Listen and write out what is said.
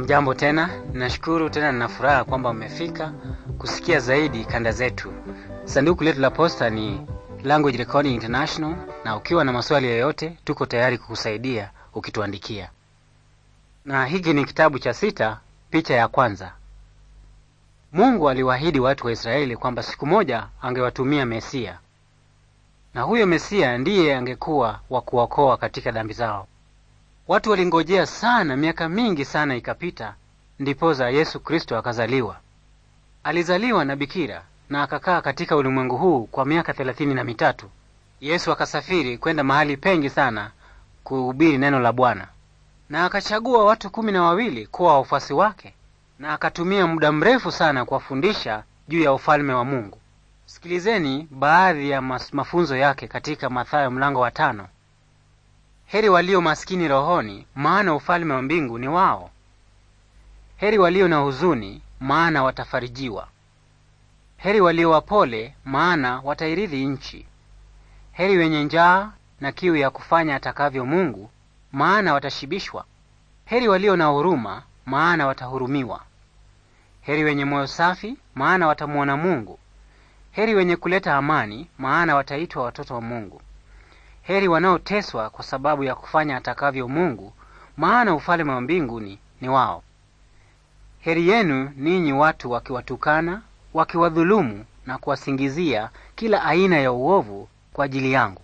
mjambo tena, nashukuru tena, na furaha kwamba umefika kusikia zaidi kanda zetu. Sanduku letu la posta ni Language Recording International, na ukiwa na maswali yoyote tuko tayari kukusaidia ukituandikia. Na hiki ni kitabu cha sita, picha ya kwanza. Mungu aliwaahidi watu wa Israeli kwamba siku moja angewatumia Mesia, na huyo Mesia ndiye angekuwa wa kuokoa katika dhambi zao. Watu walingojea sana, miaka mingi sana ikapita, ndipoza Yesu Kristo akazaliwa. Alizaliwa na bikira na akakaa katika ulimwengu huu kwa miaka thelathini na mitatu. Yesu akasafiri kwenda mahali pengi sana kuhubiri neno la Bwana, na akachagua watu kumi na wawili kuwa wafuasi wake, na akatumia muda mrefu sana kuwafundisha juu ya ufalme wa Mungu. Sikilizeni baadhi ya mafunzo yake katika Mathayo mlango wa tano. Heri walio maskini rohoni, maana ufalme wa mbingu ni wao. Heri walio na huzuni, maana watafarijiwa. Heri walio wapole, maana watairithi nchi. Heri wenye njaa na kiu ya kufanya atakavyo Mungu, maana watashibishwa. Heri walio na huruma, maana watahurumiwa. Heri wenye moyo safi, maana watamwona Mungu. Heri wenye kuleta amani, maana wataitwa watoto wa Mungu. Heri wanaoteswa kwa sababu ya kufanya atakavyo Mungu, maana ufalme wa mbinguni ni wao. Heri yenu ninyi watu wakiwatukana, wakiwadhulumu na kuwasingizia kila aina ya uovu kwa ajili yangu.